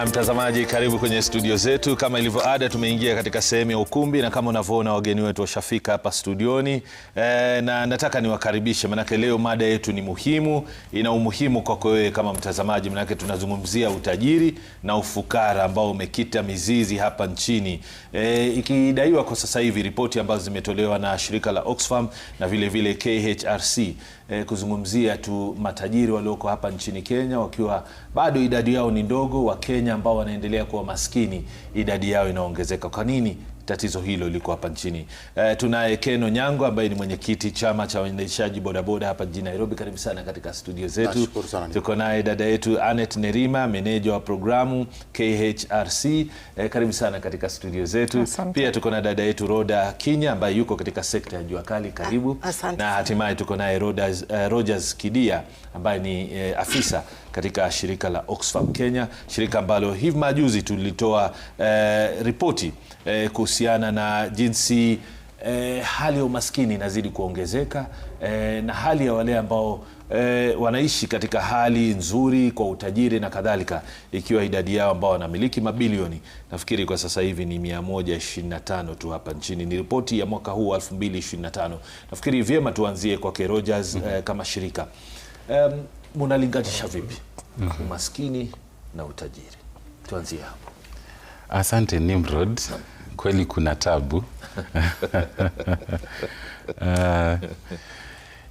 Ah, mtazamaji karibu kwenye studio zetu. Kama ilivyo ada, tumeingia katika sehemu ya ukumbi na kama unavyoona wageni wetu washafika hapa studioni e, na nataka niwakaribishe, manake leo mada yetu ni muhimu, ina umuhimu kwako wewe kama mtazamaji, manake tunazungumzia utajiri na ufukara ambao umekita mizizi hapa nchini e, ikidaiwa kwa sasa hivi, ripoti ambazo zimetolewa na shirika la Oxfam na vilevile vile KHRC eh, kuzungumzia tu matajiri walioko hapa nchini Kenya wakiwa bado idadi yao ni ndogo, Wakenya ambao wanaendelea kuwa maskini idadi yao inaongezeka. Kwa nini tatizo hilo liko hapa nchini. E, tunaye Ken Onyango ambaye ni mwenyekiti chama cha waendeshaji bodaboda hapa jijini Nairobi. Karibu sana katika studio zetu. Tuko naye dada yetu Anet Nerima, meneja wa programu KHRC. E, eh, karibu sana katika studio zetu. Asante. Pia tuko na dada yetu Roda Kinya ambaye yuko katika sekta ya jua kali. Karibu. Ah, asante. Na hatimaye tuko naye eh, Rogers Kidia ambaye ni eh, afisa katika shirika la Oxfam Kenya, shirika ambalo hivi majuzi tulitoa eh, ripoti eh, kuhusiana na jinsi eh, hali ya umaskini inazidi kuongezeka eh, na hali ya wale ambao E, wanaishi katika hali nzuri kwa utajiri na kadhalika, ikiwa idadi yao ambao wanamiliki mabilioni nafikiri kwa sasa hivi ni 125 tu hapa nchini. Ni ripoti ya mwaka huu 2025. Nafikiri vyema tuanzie kwake Rogers, mm -hmm. e, kama shirika um, munalinganisha mm-hmm. vipi mm -hmm. umaskini na utajiri? Tuanzie hapo. Asante Nimrod, kweli kuna tabu uh,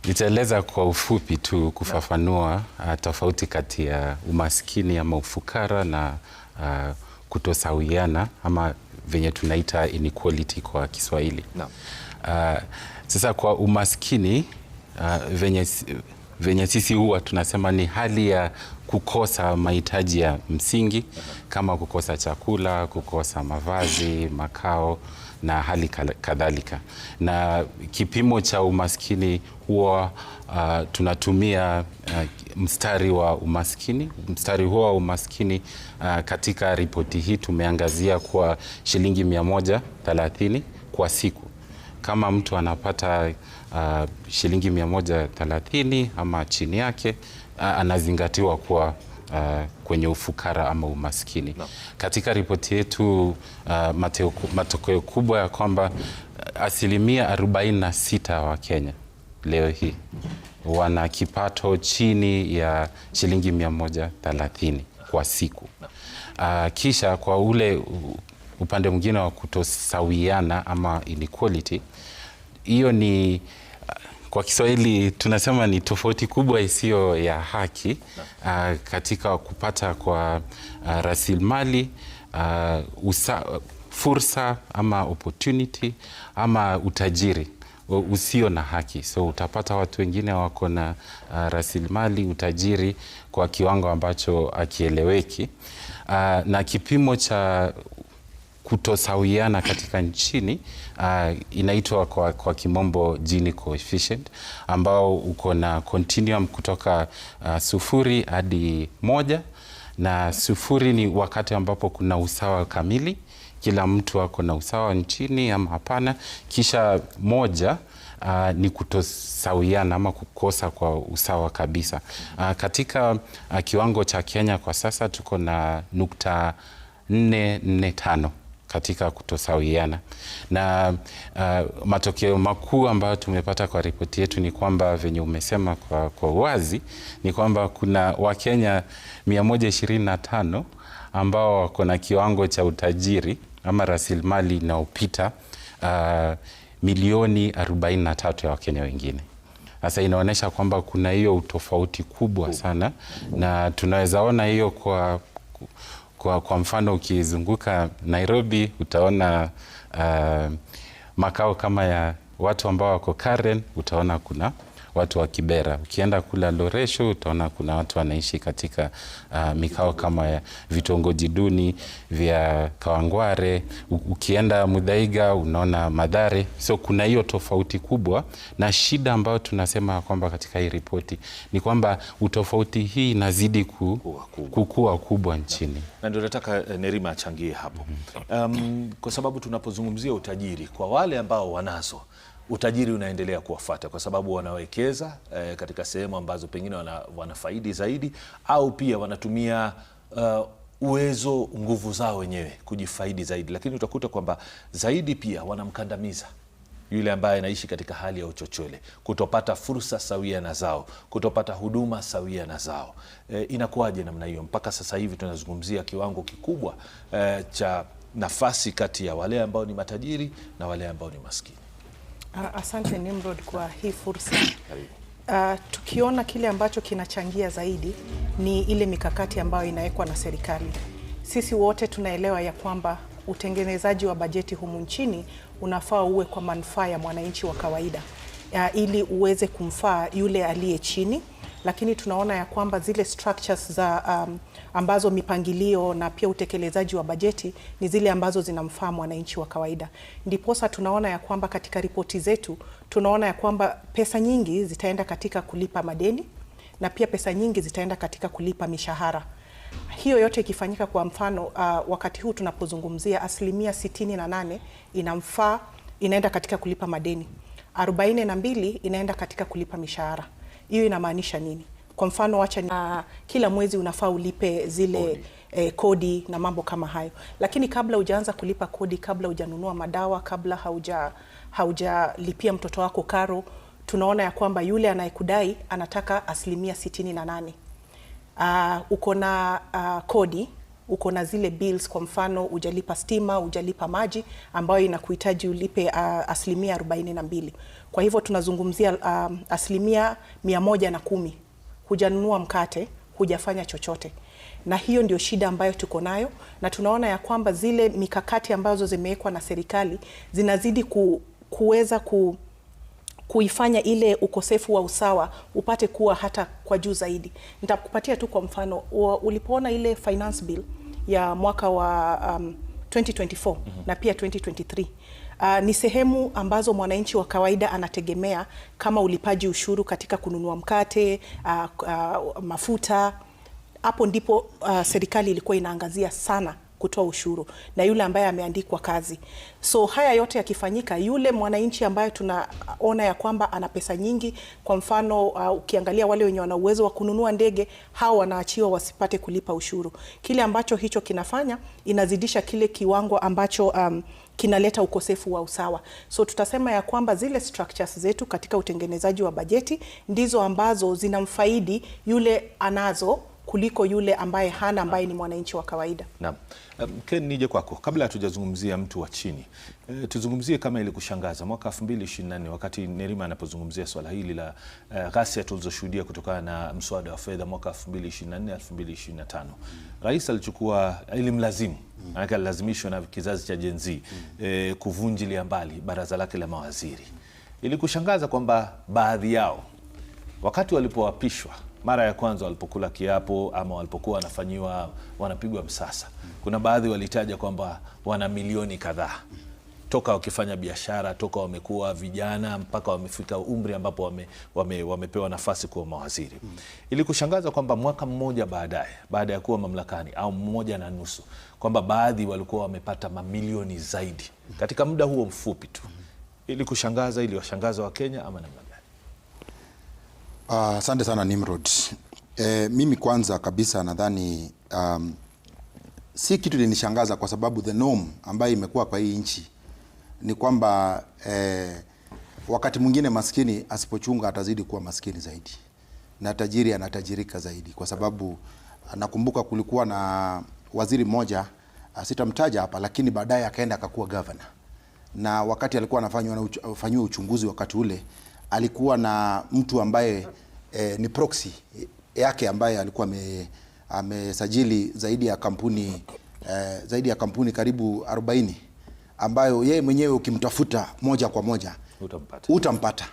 nitaeleza kwa ufupi tu kufafanua uh, tofauti kati ya umaskini ama ufukara na uh, kutosawiana ama venye tunaita inequality kwa Kiswahili. Uh, sasa kwa umaskini uh, venye venye sisi huwa tunasema ni hali ya kukosa mahitaji ya msingi kama kukosa chakula, kukosa mavazi, makao na hali kadhalika. Na kipimo cha umaskini huwa uh, tunatumia uh, mstari wa umaskini. Mstari huo wa umaskini uh, katika ripoti hii tumeangazia kwa shilingi 130 kwa siku. Kama mtu anapata uh, shilingi 130 ama chini yake uh, anazingatiwa kuwa Uh, kwenye ufukara ama umaskini no. Katika ripoti yetu uh, matokeo kubwa ya kwamba asilimia 46 wa kenya leo hii wana kipato chini ya shilingi 130 kwa siku uh, kisha kwa ule upande mwingine wa kutosawiana ama inequality hiyo ni kwa Kiswahili tunasema ni tofauti kubwa isiyo ya haki uh, katika kupata kwa ah, rasilimali ah, fursa ama opportunity ama utajiri usio na haki. So utapata watu wengine wako na uh, rasilimali utajiri kwa kiwango ambacho akieleweki. Uh, na kipimo cha kutosawiana katika nchini uh, inaitwa kwa, kwa kimombo Gini coefficient ambao uko na continuum kutoka uh, sufuri hadi moja na sufuri ni wakati ambapo kuna usawa kamili, kila mtu ako na usawa nchini ama hapana. Kisha moja Uh, ni kutosawiana ama kukosa kwa usawa kabisa. Uh, katika uh, kiwango cha Kenya kwa sasa tuko na nukta nne nne tano katika kutosawiana na uh, matokeo makuu ambayo tumepata kwa ripoti yetu ni kwamba venye umesema kwa, kwa uwazi ni kwamba kuna Wakenya 125 ambao wako na kiwango cha utajiri ama rasilimali inaopita uh, milioni 43 ya Wakenya wengine. Sasa inaonyesha kwamba kuna hiyo utofauti kubwa sana, na tunaweza ona hiyo kwa kwa, kwa mfano ukizunguka Nairobi utaona uh, makao kama ya watu ambao wako Karen, utaona kuna watu wa Kibera. Ukienda kula Loresho utaona kuna watu wanaishi katika uh, mikao kama ya vitongoji duni vya Kawangware. Ukienda Mudhaiga unaona Madhare. So kuna hiyo tofauti kubwa, na shida ambayo tunasema kwamba katika hii ripoti ni kwamba utofauti hii inazidi ku, kukua kubwa nchini, na ndio nataka eh, Nerima achangie hapo um, kwa sababu tunapozungumzia utajiri kwa wale ambao wanazo utajiri unaendelea kuwafata kwa sababu wanawekeza eh, katika sehemu ambazo pengine wana, wanafaidi zaidi au pia wanatumia uh, uwezo nguvu zao wenyewe kujifaidi zaidi, lakini utakuta kwamba zaidi pia wanamkandamiza yule ambaye anaishi katika hali ya uchochole, kutopata fursa sawia na zao, kutopata huduma sawia na zao. E, inakuwaje namna hiyo? Mpaka sasa hivi tunazungumzia kiwango kikubwa e, cha nafasi kati ya wale ambao ni matajiri na wale ambao ni maskini. Ah, asante Nimrod kwa hii fursa. Uh, tukiona kile ambacho kinachangia zaidi ni ile mikakati ambayo inawekwa na serikali. Sisi wote tunaelewa ya kwamba utengenezaji wa bajeti humu nchini unafaa uwe kwa manufaa ya mwananchi wa kawaida, uh, ili uweze kumfaa yule aliye chini lakini tunaona ya kwamba zile structures za um, ambazo mipangilio na pia utekelezaji wa bajeti ni zile ambazo zinamfaa mwananchi wa kawaida. Ndiposa tunaona ya kwamba katika ripoti zetu tunaona ya kwamba pesa nyingi zitaenda katika kulipa madeni na pia pesa nyingi zitaenda katika kulipa mishahara. Hiyo yote ikifanyika, kwa mfano uh, wakati huu tunapozungumzia asilimia sitini na nane inamfaa inaenda katika kulipa madeni, arobaini na mbili inaenda katika kulipa mishahara hiyo inamaanisha nini? Kwa mfano wacha ni, uh, kila mwezi unafaa ulipe zile kodi. Eh, kodi na mambo kama hayo, lakini kabla hujaanza kulipa kodi, kabla hujanunua madawa, kabla hauja haujalipia mtoto wako karo, tunaona ya kwamba yule anayekudai anataka asilimia sitini na nane. Uh, uko na uh, kodi uko na zile bills, kwa mfano hujalipa stima, hujalipa maji ambayo inakuhitaji ulipe uh, asilimia arobaini na mbili. Kwa hivyo tunazungumzia um, asilimia mia moja na kumi hujanunua mkate, hujafanya chochote, na hiyo ndio shida ambayo tuko nayo, na tunaona ya kwamba zile mikakati ambazo zimewekwa na serikali zinazidi ku, kuweza ku kuifanya ile ukosefu wa usawa upate kuwa hata kwa juu zaidi. Nitakupatia tu kwa mfano, ulipoona ile finance bill ya mwaka wa um, 2024 mm -hmm. na pia 2023 Uh, ni sehemu ambazo mwananchi wa kawaida anategemea kama ulipaji ushuru katika kununua mkate, uh, uh, mafuta. Hapo ndipo uh, serikali ilikuwa inaangazia sana kutoa ushuru na yule ambaye ameandikwa kazi. So haya yote yakifanyika, yule mwananchi ambaye tunaona ya kwamba ana pesa nyingi, kwa mfano uh, ukiangalia wale wenye wana uwezo wa kununua ndege, hao wanaachiwa wasipate kulipa ushuru. Kile ambacho hicho kinafanya inazidisha kile kiwango ambacho um, kinaleta ukosefu wa usawa. So tutasema ya kwamba zile structures zetu katika utengenezaji wa bajeti ndizo ambazo zinamfaidi yule anazo kuliko yule ambaye hana ambaye ni mwananchi wa kawaida. Naam. Um, Ken, nije kwako kabla hatujazungumzia mtu wa chini e, tuzungumzie kama ili kushangaza mwaka 2024 wakati Nerima anapozungumzia swala hili la e, ghasia tulizoshuhudia kutokana na mswada wa fedha mwaka 2024 2025, Rais alichukua ilimlazimu mm. manake alilazimishwa na kizazi cha Gen Z mm. e, kuvunjilia mbali baraza lake la mawaziri. Ili kushangaza kwamba baadhi yao wakati walipoapishwa mara ya kwanza walipokula kiapo ama walipokuwa wanafanyiwa wanapigwa msasa, kuna baadhi walitaja kwamba wana milioni kadhaa toka wakifanya biashara toka wamekuwa vijana mpaka wamefika umri ambapo wame, wame, wamepewa nafasi kuwa mawaziri Ili kushangaza kwamba mwaka mmoja baadaye baada ya kuwa mamlakani au mmoja na nusu, kwamba baadhi walikuwa wamepata mamilioni zaidi katika muda huo mfupi tu, ili kushangaza, ili washangaza Wakenya ama namna Ah, asante uh, sana Nimrod. E, mimi kwanza kabisa nadhani um, si kitu linishangaza kwa sababu the norm ambayo imekuwa kwa hii nchi ni kwamba e, wakati mwingine maskini asipochunga atazidi kuwa maskini zaidi na tajiri anatajirika zaidi, kwa sababu nakumbuka kulikuwa na waziri mmoja ah, sitamtaja hapa, lakini baadaye akaenda akakuwa gavana, na wakati alikuwa anafanywa uchunguzi wakati ule alikuwa na mtu ambaye eh, ni proxy yake ambaye alikuwa amesajili zaidi ya kampuni eh, zaidi ya kampuni karibu 40 ambayo yeye mwenyewe ukimtafuta moja kwa moja utampata, utampata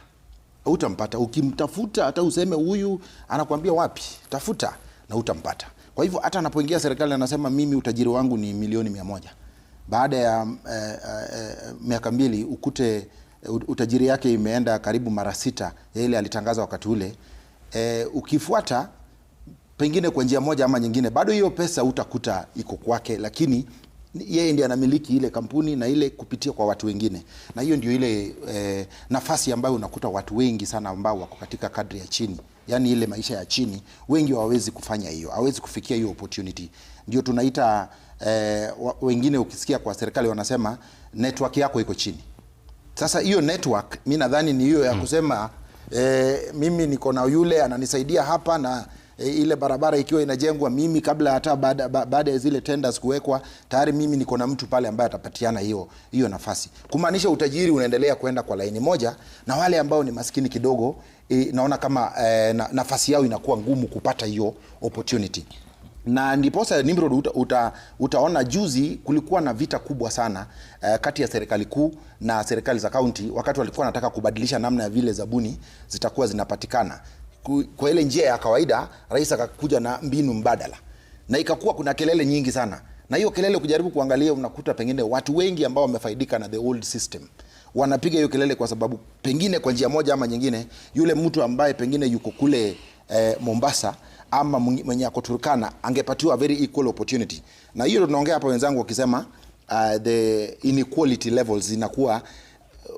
utampata ukimtafuta, hata useme huyu anakuambia wapi, tafuta na utampata. Kwa hivyo hata anapoingia serikali anasema mimi utajiri wangu ni milioni mia moja baada ya eh, eh, eh miaka mbili ukute utajiri yake imeenda karibu mara sita ya ile alitangaza wakati ule. E, ukifuata pengine kwa njia moja ama nyingine, bado hiyo pesa utakuta iko kwake, lakini yeye ndiye anamiliki ile kampuni na ile kupitia kwa watu wengine, na hiyo ndio ile e, nafasi ambayo unakuta watu wengi sana ambao wako katika kadri ya chini, yani ile maisha ya chini, wengi hawawezi kufanya hiyo, hawawezi kufikia hiyo opportunity. Ndio tunaita e, wengine ukisikia kwa serikali wanasema network yako iko chini. Sasa hiyo network mi nadhani ni hiyo ya mm. kusema e, mimi niko na yule ananisaidia hapa na e, ile barabara ikiwa inajengwa mimi kabla hata baada ya zile tenders kuwekwa tayari mimi niko na mtu pale ambaye atapatiana hiyo hiyo nafasi, kumaanisha utajiri unaendelea kwenda kwa laini moja, na wale ambao ni maskini kidogo e, naona kama e, na, nafasi yao inakuwa ngumu kupata hiyo opportunity na ndiposa Nimrod uta, uta, utaona juzi kulikuwa na vita kubwa sana uh, kati ya serikali kuu na serikali za kaunti, wakati walikuwa wanataka kubadilisha namna ya vile zabuni zitakuwa zinapatikana kwa ile njia ya kawaida. Rais akakuja na mbinu mbadala na ikakuwa kuna kelele nyingi sana, na hiyo kelele kujaribu kuangalia, unakuta pengine watu wengi ambao wamefaidika na the old system wanapiga hiyo kelele kwa sababu pengine kwa njia moja ama nyingine, yule mtu ambaye pengine yuko kule eh, Mombasa ama mwenye akuturukana angepatiwa very equal opportunity, na hiyo tunaongea hapa wenzangu wakisema uh, the inequality levels inakuwa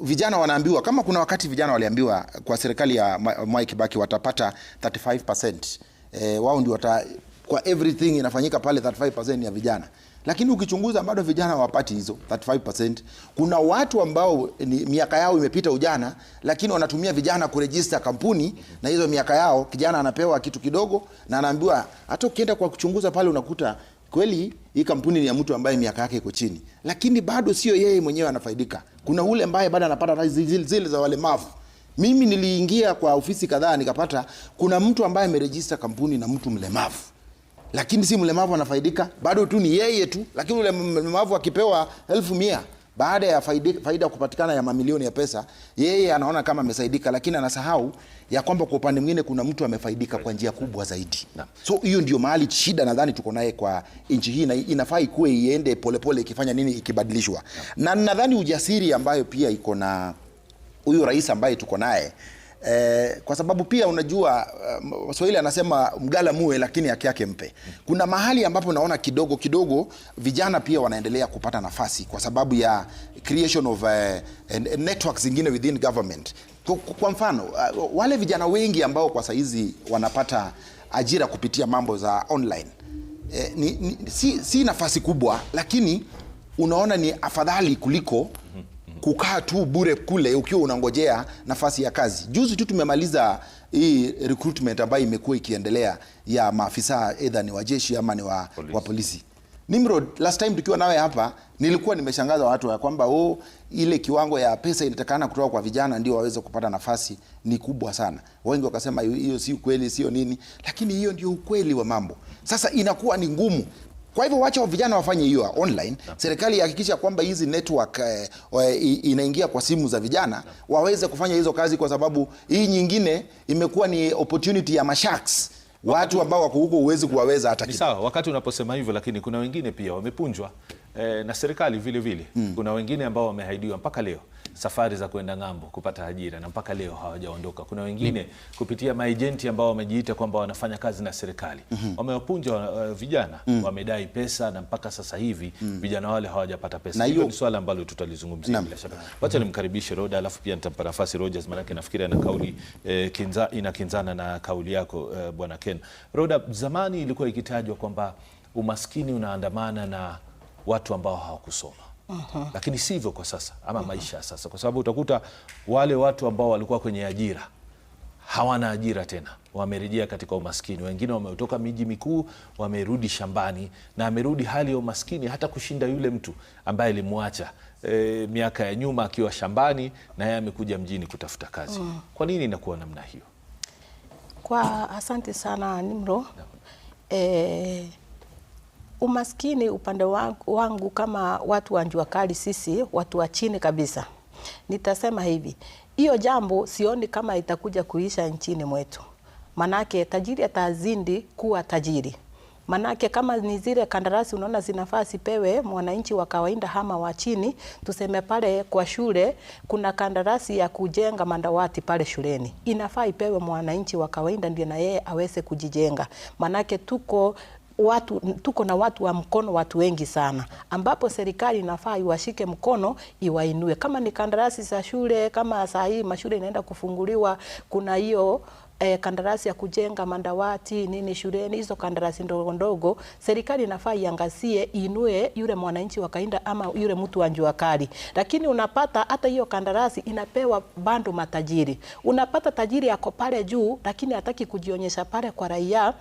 vijana wanaambiwa kama kuna wakati vijana waliambiwa kwa serikali ya Mwai baki watapata 35%. Eh, wao ndio wata, kwa everything inafanyika pale 35% ya vijana lakini ukichunguza bado vijana hawapati hizo 35%. Kuna watu ambao ni miaka yao imepita ujana, lakini wanatumia vijana kurejista kampuni na hizo miaka yao, kijana anapewa kitu kidogo na anaambiwa, hata ukienda kwa kuchunguza pale unakuta kweli hii kampuni ni ya mtu ambaye miaka yake iko chini, lakini bado sio yeye mwenyewe anafaidika. Kuna ule ambaye bado anapata zile za walemavu. Mimi niliingia kwa ofisi kadhaa nikapata kuna mtu ambaye amerejista kampuni na mtu mlemavu lakini si mlemavu anafaidika, bado tu ni yeye tu, lakini ule mlemavu akipewa elfu mia baada ya faida, faida kupatikana ya mamilioni ya pesa, yeye anaona kama amesaidika, lakini anasahau ya kwamba kwa upande mwingine kuna mtu amefaidika kwa njia kubwa zaidi. So hiyo ndio mahali shida nadhani tuko naye kwa nchi hii, na inafaa ikuwe iende polepole ikifanya nini, ikibadilishwa na nadhani ujasiri ambayo pia iko na huyu rais ambaye tuko naye eh, kwa sababu pia unajua eh, Waswahili Swahili anasema mgala muwe lakini haki yake mpe. Kuna mahali ambapo naona kidogo kidogo vijana pia wanaendelea kupata nafasi kwa sababu ya creation of uh, networks zingine within government. Kwa, kwa mfano uh, wale vijana wengi ambao kwa saizi wanapata ajira kupitia mambo za online eh, ni, ni, si, si nafasi kubwa, lakini unaona ni afadhali kuliko kukaa tu bure kule ukiwa unangojea nafasi ya kazi. Juzi tu tumemaliza hii recruitment ambayo imekuwa ikiendelea ya maafisa aidha ni wa jeshi ama ni wa polisi, wa polisi. Nimrod, last time tukiwa nawe hapa nilikuwa nimeshangaza watu ya kwamba oh, ile kiwango ya pesa inatakana kutoka kwa vijana ndio waweze kupata nafasi ni kubwa sana. Wengi wakasema hiyo si ukweli, sio nini, lakini hiyo ndio ukweli wa mambo. Sasa inakuwa ni ngumu kwa hivyo wacha vijana wafanye hiyo online, serikali ihakikisha kwamba hizi network eh, eh inaingia kwa simu za vijana waweze kufanya hizo kazi, kwa sababu hii nyingine imekuwa ni opportunity ya mashaks watu ambao wako huko huwezi kuwaweza hata Sawa, wakati unaposema hivyo, lakini kuna wengine pia wamepunjwa eh, na serikali vile vile. mm. Kuna wengine ambao wameahidiwa mpaka leo safari za kwenda ng'ambo kupata ajira na mpaka leo hawajaondoka. Kuna wengine kupitia maejenti ambao wamejiita kwamba wanafanya kazi na serikali mm -hmm. wamewapunja uh, vijana mm -hmm. wamedai pesa na mpaka sasa hivi mm -hmm. vijana wale hawajapata pesa. Hiyo ni swala ambalo tutalizungumzia bila shaka. Wacha nimkaribishe Roda, alafu pia nitampa nafasi Rogers, maanake nafikiri ana kauli eh, kinza, inakinzana na kauli yako eh, bwana Ken. Roda, zamani ilikuwa ikitajwa kwamba umaskini unaandamana na watu ambao hawakusoma -huh. Lakini hivyo kwa sasa ama uh -huh. maisha ya sasa, kwa sababu utakuta wale watu ambao walikuwa kwenye ajira hawana ajira tena, wamerejea katika umaskini. Wengine wametoka miji mikuu, wamerudi shambani, na amerudi hali ya umaskini hata kushinda yule mtu ambaye alimwacha e, miaka ya nyuma akiwa shambani, na yeye amekuja mjini kutafuta kazi Kwa nini inakuwa namna hiyo? Kwa asante sana Nimro. E, Umaskini upande wangu, wangu kama watu wa njua kali, sisi watu wa chini kabisa, nitasema hivi, hiyo jambo sioni kama itakuja kuisha nchini mwetu, manake tajiri atazindi kuwa tajiri. Manake kama ni zile kandarasi unaona zinafaa sipewe mwananchi wa kawaida hama wa chini, tuseme pale kwa shule kuna kandarasi ya kujenga mandawati pale shuleni, inafaa ipewe mwananchi wa kawaida ndio na yeye aweze kujijenga, manake tuko watu, tuko na watu wa mkono, watu wengi sana, ambapo serikali inafaa iwashike mkono iwainue, kama ni kandarasi za shule. Kama saa hii mashule inaenda kufunguliwa, kuna hiyo eh, kandarasi ya kujenga mandawati nini shuleni, hizo kandarasi ndogo ndogo, serikali inafaa iangazie, inue yule mwananchi wa kainda ama yule mtu wa njua kali. Lakini unapata hata hiyo kandarasi inapewa bando matajiri, unapata tajiri yako pale juu, lakini hataki kujionyesha pale kwa raia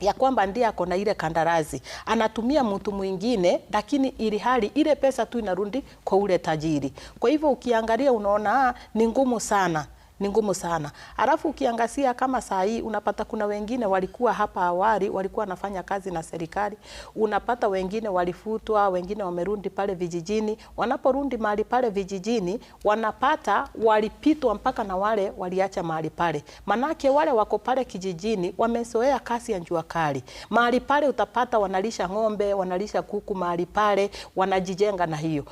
ya kwamba ndiye ako na ile kandarasi anatumia mtu mwingine, lakini ili hali ile pesa tu inarudi kwa ule tajiri. Kwa hivyo ukiangalia, unaona ah, ni ngumu sana ni ngumu sana. Alafu ukiangazia kama saa hii unapata kuna wengine walikuwa hapa awali walikuwa wanafanya kazi na serikali, unapata wengine walifutwa, wengine wamerundi pale vijijini. Wanaporundi mahali pale vijijini, wanapata walipitwa mpaka na wale waliacha mahali pale, manake wale wako pale kijijini wamezoea kasi ya jua kali. Mahali pale utapata wanalisha ng'ombe, wanalisha kuku mahali pale, wanajijenga na hiyo.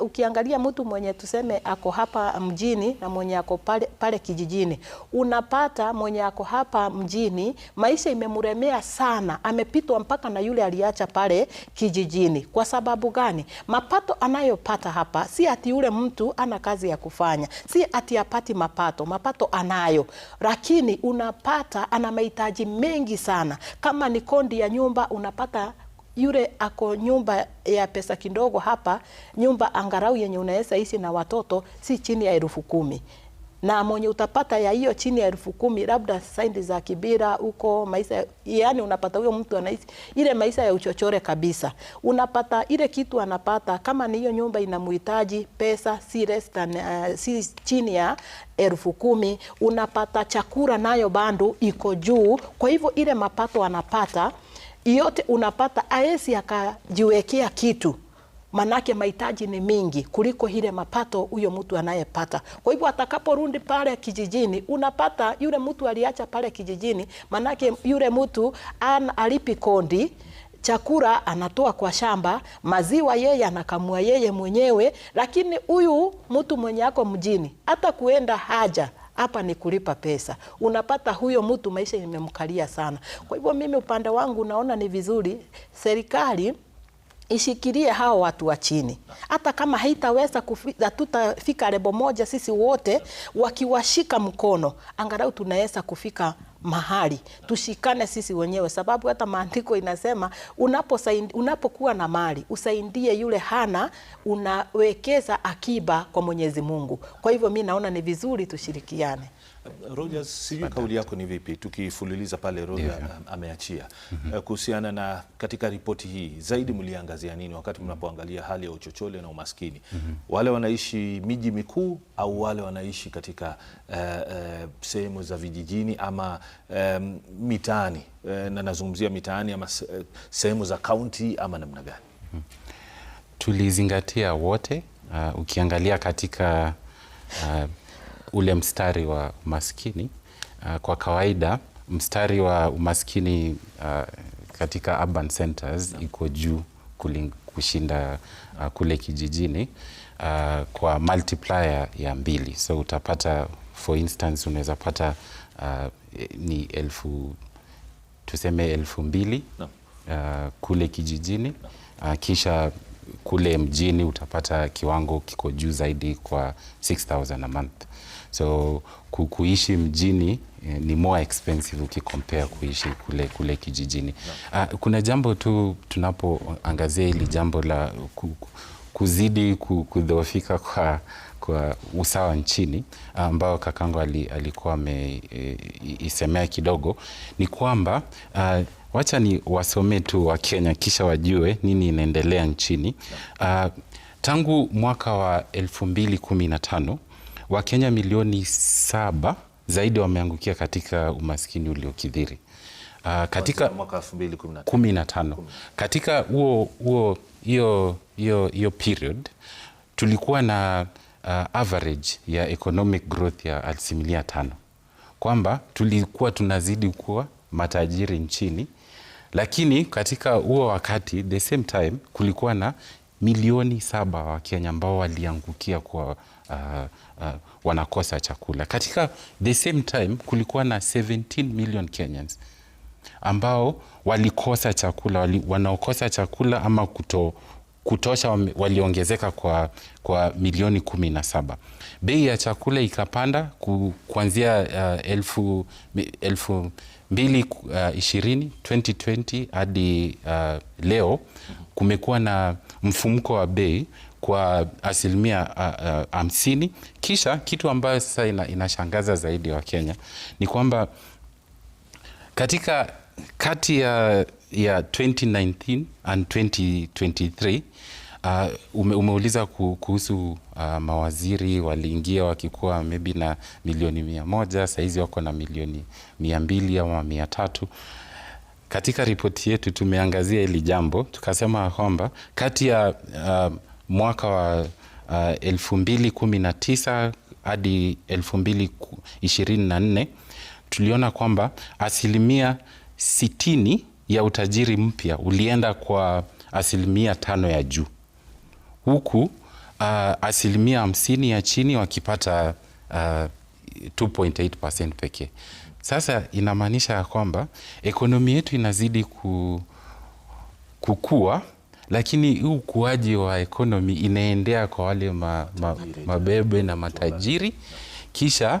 Ukiangalia mtu mwenye tuseme ako hapa mjini na mwenye ako pale pale kijijini, unapata mwenye ako hapa mjini maisha imemuremea sana, amepitwa mpaka na yule aliacha pale kijijini. Kwa sababu gani? Mapato anayopata hapa si ati yule mtu ana kazi ya kufanya, si ati apati mapato, mapato anayo, lakini unapata ana mahitaji mengi sana. Kama ni kondi ya nyumba unapata yule ako nyumba ya pesa kidogo hapa, nyumba angarau yenye unaweza ishi na watoto si chini ya elfu kumi na mwenye utapata ya hiyo chini ya elfu kumi labda saindi za Kibira huko maisha, yani yaani unapata huyo mtu anaishi ile maisha ya uchochore kabisa. Unapata ile kitu anapata, kama ni hiyo nyumba inamhitaji pesa si less than, uh, si chini ya elfu kumi. Unapata chakula nayo bando iko juu, kwa hivyo ile mapato anapata yote unapata aesi akajiwekea kitu manake mahitaji ni mingi kuliko ile mapato huyo mtu anayepata. Kwa hivyo atakaporudi pale kijijini, unapata yule mtu aliacha pale kijijini, manake yule mtu an alipi kondi chakula anatoa kwa shamba, maziwa yeye anakamua yeye mwenyewe, lakini huyu mtu mwenye ako mjini hata kuenda haja hapa ni kulipa pesa. Unapata huyo mtu maisha imemkalia sana. Kwa hivyo mimi upande wangu naona ni vizuri serikali ishikirie hao watu wa chini, hata kama haitaweza hatutafika lebo moja sisi wote, wakiwashika mkono, angalau tunaweza kufika mahali tushikane sisi wenyewe, sababu hata maandiko inasema unapokuwa na mali usaidie yule hana, unawekeza akiba kwa Mwenyezi Mungu. Kwa hivyo mi naona ni vizuri tushirikiane. Rogers, sijui kauli yako ni vipi, tukifululiza pale Rogers ameachia mm-hmm. eh, kuhusiana na katika ripoti hii zaidi, mliangazia nini wakati mnapoangalia hali ya uchochole na umaskini, mm-hmm. wale wanaishi miji mikuu au wale wanaishi katika uh, uh, sehemu za vijijini ama um, mitaani uh, na nazungumzia mitaani ama sehemu za kaunti ama namna gani? Mm-hmm. Tulizingatia wote uh, ukiangalia katika uh, ule mstari wa umaskini uh, kwa kawaida mstari wa umaskini uh, katika urban centers no. iko juu kushinda uh, kule kijijini uh, kwa multiplier ya mbili, so utapata for instance unaweza pata uh, ni elfu tuseme elfu mbili no. uh, kule kijijini no. uh, kisha kule mjini utapata kiwango kiko juu zaidi kwa 6000 a month. So kuishi mjini eh, ni more expensive ukikompea kuishi kule, kule kijijini no. Uh, ah, kuna jambo tu tunapoangazia hili mm-hmm. jambo la kuzidi kudhoofika kwa kwa usawa nchini ambao kakangu alikuwa ameisemea eh, e, kidogo ni kwamba uh, wacha ni wasome tu wa Kenya kisha wajue nini inaendelea nchini uh, tangu mwaka wa 2015 Wakenya milioni saba zaidi wameangukia katika umaskini uliokithiri uh, katika mwaka 2015 katika huo huo hiyo hiyo hiyo period tulikuwa na uh, average ya economic growth ya asilimia tano, kwamba tulikuwa tunazidi kuwa matajiri nchini, lakini katika huo wakati the same time kulikuwa na milioni saba wa Kenya ambao waliangukia kwa uh, uh, wanakosa chakula. Katika the same time kulikuwa na 17 million Kenyans ambao walikosa chakula wali, wanaokosa chakula ama kuto, kutosha waliongezeka kwa, kwa milioni kumi na saba. Bei ya chakula ikapanda ku, kuanzia uh, elfu, elfu mbili uh, 2020 hadi uh, leo kumekuwa na mfumko wa bei kwa asilimia hamsini. Kisha kitu ambayo sasa ina, inashangaza zaidi wa Kenya ni kwamba katika kati ya, ya 2019 and 2023 Uh, ume, umeuliza kuhusu uh, mawaziri waliingia wakikuwa maybe na milioni mia moja, sahizi wako na milioni mia mbili ama mia tatu katika ripoti yetu tumeangazia hili jambo, tukasema kwamba kati ya uh, mwaka wa uh, 219 hadi 2024 tuliona kwamba asilimia 60 ya utajiri mpya ulienda kwa asilimia tano ya juu, huku uh, asilimia 50 ya chini wakipata uh, 2.8% pekee. Sasa inamaanisha ya kwamba ekonomi yetu inazidi ku, kukua lakini huu ukuaji wa ekonomi inaendea kwa wale ma, ma, mabebe na matajiri, kisha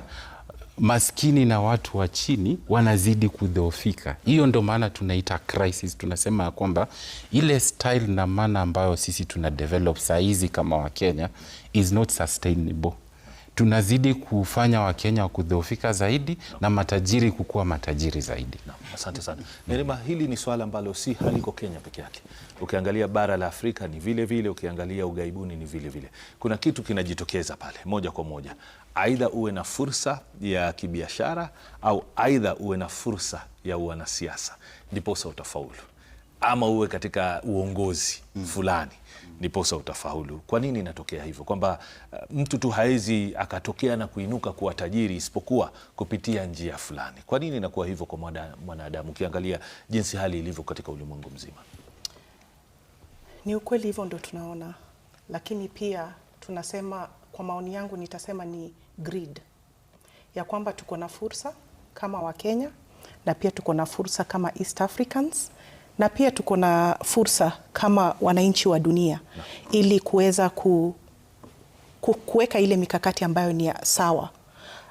maskini na watu wa chini wanazidi kudhoofika. Hiyo ndo maana tunaita crisis. Tunasema ya kwamba ile style na maana ambayo sisi tuna develop saa hizi kama Wakenya is not sustainable tunazidi kufanya Wakenya kudhoofika zaidi na matajiri kukuwa matajiri zaidi Asante sana Nerima, hili ni swala ambalo si haliko Kenya peke yake. Ukiangalia bara la Afrika ni vile vile, ukiangalia ughaibuni ni vile vile. Kuna kitu kinajitokeza pale moja kwa moja, aidha uwe na fursa ya kibiashara au aidha uwe na fursa ya wanasiasa, ndiposa utafaulu ama uwe katika uongozi mm. fulani niposa utafaulu. Kwa nini inatokea hivyo kwamba uh, mtu tu hawezi akatokea na kuinuka kuwa tajiri isipokuwa kupitia njia fulani? Kwa nini inakuwa hivyo kwa mwanadamu, ukiangalia jinsi hali ilivyo katika ulimwengu mzima? Ni ukweli hivyo ndo tunaona, lakini pia tunasema, kwa maoni yangu nitasema ni greed, ya kwamba tuko na fursa kama Wakenya na pia tuko na fursa kama East Africans na pia tuko na fursa kama wananchi wa dunia ili kuweza ku kuweka ile mikakati ambayo ni sawa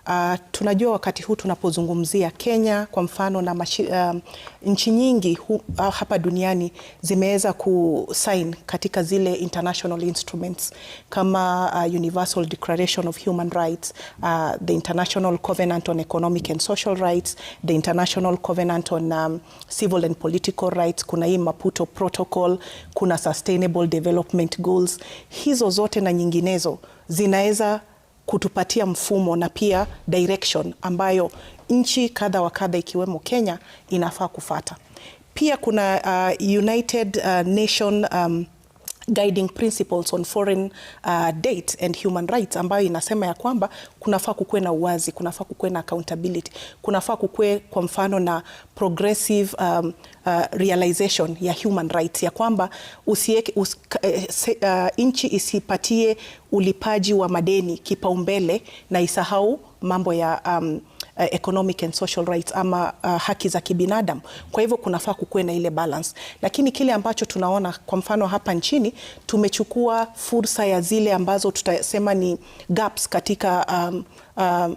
Uh, tunajua wakati huu tunapozungumzia Kenya kwa mfano na machi, uh, um, nchi nyingi hu, uh, hapa duniani zimeweza kusign katika zile international instruments kama uh, Universal Declaration of Human Rights, uh, the International Covenant on Economic and Social Rights, the International Covenant on um, Civil and Political Rights, kuna hii Maputo Protocol, kuna Sustainable Development Goals, hizo zote na nyinginezo zinaweza kutupatia mfumo na pia direction ambayo nchi kadha wa kadha ikiwemo Kenya inafaa kufata. Pia kuna uh, United uh, Nation um, guiding principles on foreign uh, date and human rights ambayo inasema ya kwamba kunafaa kukuwe na uwazi, kunafaa kukuwe na accountability, kunafaa kukuwe kwa mfano na progressive um, uh, realization ya human rights ya kwamba usieke us, eh, eh, uh, nchi isipatie ulipaji wa madeni kipaumbele na isahau mambo ya um, uh, economic and social rights ama uh, haki za kibinadamu. Kwa hivyo kunafaa kukuwe na ile balance, lakini kile ambacho tunaona kwa mfano hapa nchini tumechukua fursa ya zile ambazo tutasema ni gaps katika um, um,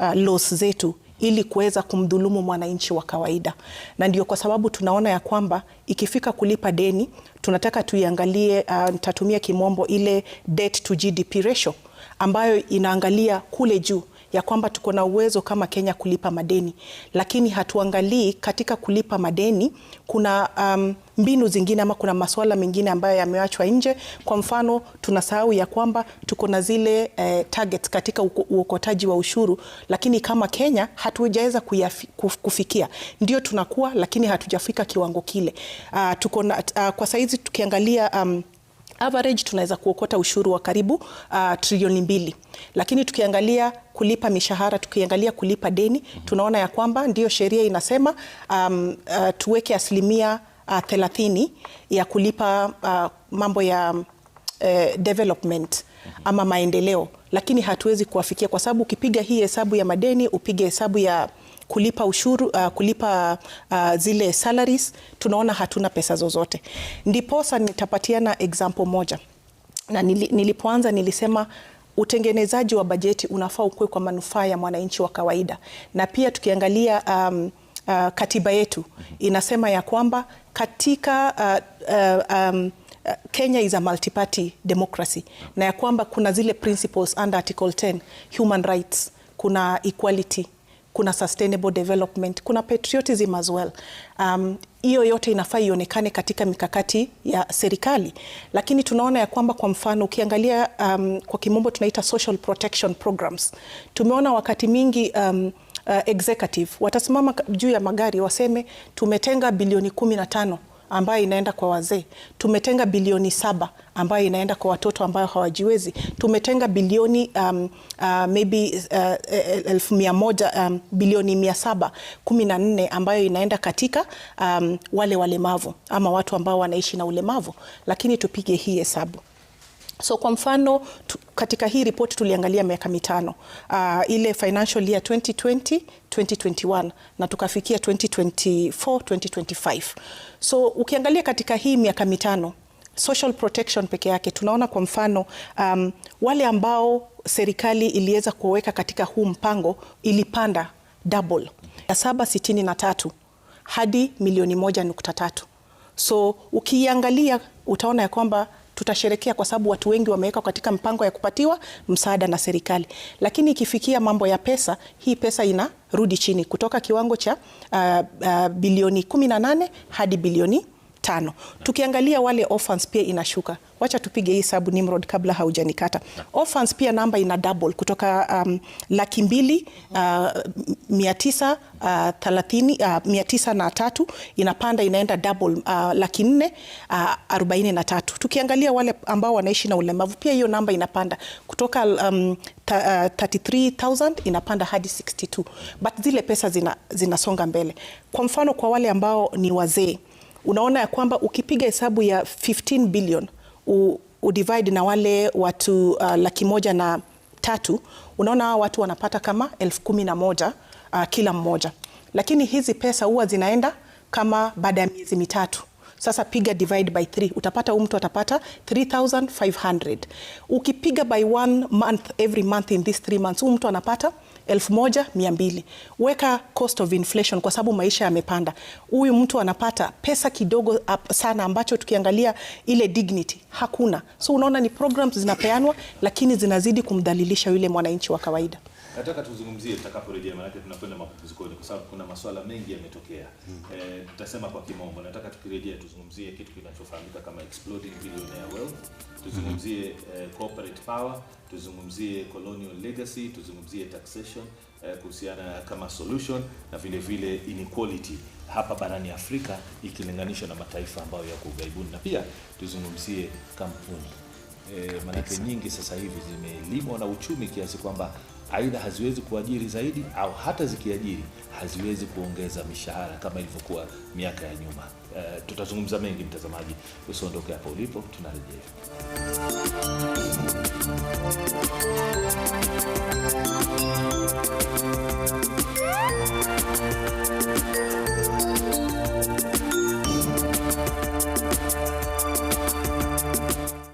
uh, laws zetu ili kuweza kumdhulumu mwananchi wa kawaida, na ndio kwa sababu tunaona ya kwamba ikifika kulipa deni tunataka tuiangalie, uh, nitatumia kimombo ile debt to GDP ratio ambayo inaangalia kule juu ya kwamba tuko na uwezo kama Kenya kulipa madeni, lakini hatuangalii katika kulipa madeni kuna um, mbinu zingine ama kuna masuala mengine ambayo yameachwa nje. Kwa mfano, tunasahau ya kwamba tuko na zile eh, targets katika uokotaji wa ushuru, lakini kama Kenya hatujaweza kufikia. Ndio tunakuwa, lakini hatujafika kiwango kile. Uh, tuko na, uh, kwa saizi tukiangalia um, average tunaweza kuokota ushuru wa karibu uh, trilioni mbili, lakini tukiangalia kulipa mishahara, tukiangalia kulipa deni, mhm. tunaona ya kwamba ndiyo sheria inasema um, uh, tuweke asilimia uh, thelathini ya kulipa uh, mambo ya um, uh, development mhm. ama maendeleo, lakini hatuwezi kuwafikia kwa sababu ukipiga hii hesabu ya madeni, upige hesabu ya kulipa ushuru uh, kulipa uh, zile salaries, tunaona hatuna pesa zozote. Ndiposa nitapatiana example moja, na nilipoanza nilisema utengenezaji wa bajeti unafaa ukuwe kwa manufaa ya mwananchi wa kawaida, na pia tukiangalia um, uh, katiba yetu inasema ya kwamba katika uh, uh, um, uh, Kenya is a multi-party democracy na ya kwamba kuna zile principles under Article 10 human rights, kuna equality kuna sustainable development, kuna patriotism as well. Um, hiyo yote inafaa ionekane katika mikakati ya serikali, lakini tunaona ya kwamba kwa mfano ukiangalia um, kwa kimombo tunaita social protection programs, tumeona wakati mingi um, uh, executive watasimama juu ya magari waseme tumetenga bilioni kumi na tano ambayo inaenda kwa wazee, tumetenga bilioni saba ambayo inaenda kwa watoto ambayo hawajiwezi. Tumetenga bilioni um, uh, maybe uh, elfu mia moja um, bilioni mia saba kumi na nne ambayo inaenda katika um, wale walemavu ama watu ambao wanaishi na ulemavu, lakini tupige hii hesabu. So kwa mfano tu, katika hii ripoti tuliangalia miaka mitano uh, ile financial year 2020 2021 na tukafikia 2024 2025. So ukiangalia katika hii miaka mitano social protection peke yake tunaona kwa mfano um, wale ambao serikali iliweza kuweka katika huu mpango ilipanda double ya tatu hadi milioni moja nukta tatu. So ukiangalia utaona ya kwamba tutasherekea kwa sababu watu wengi wamewekwa katika mpango ya kupatiwa msaada na serikali, lakini ikifikia mambo ya pesa, hii pesa inarudi chini kutoka kiwango cha uh, uh, bilioni 18 hadi bilioni tano. Tukiangalia wale orphans pia inashuka. Wacha tupige hii sabu Nimrod, kabla haujanikata. Orphans pia namba ina double kutoka um, laki mbili uh, mia tisa uh, thalathini uh, mia tisa na tatu inapanda inaenda double uh, laki nne uh, arobaini na tatu. Tukiangalia wale ambao wanaishi na ulemavu pia hiyo namba inapanda kutoka um, uh, 33000 inapanda hadi 62 but zile pesa zina, zinasonga mbele. Kwa mfano kwa wale ambao ni wazee unaona ya kwamba ukipiga hesabu ya 15 billion u, udivide na wale watu uh, laki moja na tatu, unaona hawa watu wanapata kama elfu kumi na moja uh, kila mmoja, lakini hizi pesa huwa zinaenda kama baada ya miezi mitatu. Sasa piga divide by 3 utapata huyu mtu atapata 3500. Ukipiga by one month every month in this 3 months huyu mtu anapata 1200. Weka cost of inflation kwa sababu maisha yamepanda. Huyu mtu anapata pesa kidogo sana ambacho tukiangalia ile dignity hakuna. So unaona ni programs zinapeanwa lakini zinazidi kumdhalilisha yule mwananchi wa kawaida nataka tuzungumzie tutakaporejea, maanake tunakwenda mapumzikoni, kwa sababu kuna masuala mengi yametokea. Hmm. Eh, tutasema mm. e, kwa kimombo, nataka tukirejea tuzungumzie kitu kinachofahamika kama exploding billionaire wealth, tuzungumzie mm. e, corporate power, tuzungumzie colonial legacy, tuzungumzie taxation e, kuhusiana kama solution na vile vile inequality hapa barani Afrika ikilinganishwa na mataifa ambayo yako ughaibuni, na pia tuzungumzie kampuni e, maanake nyingi sasa hivi zimelimwa na uchumi kiasi kwamba aidha haziwezi kuajiri zaidi au hata zikiajiri haziwezi kuongeza mishahara kama ilivyokuwa miaka ya nyuma. Uh, tutazungumza mengi mtazamaji, usiondoke hapo ulipo, tunarejea.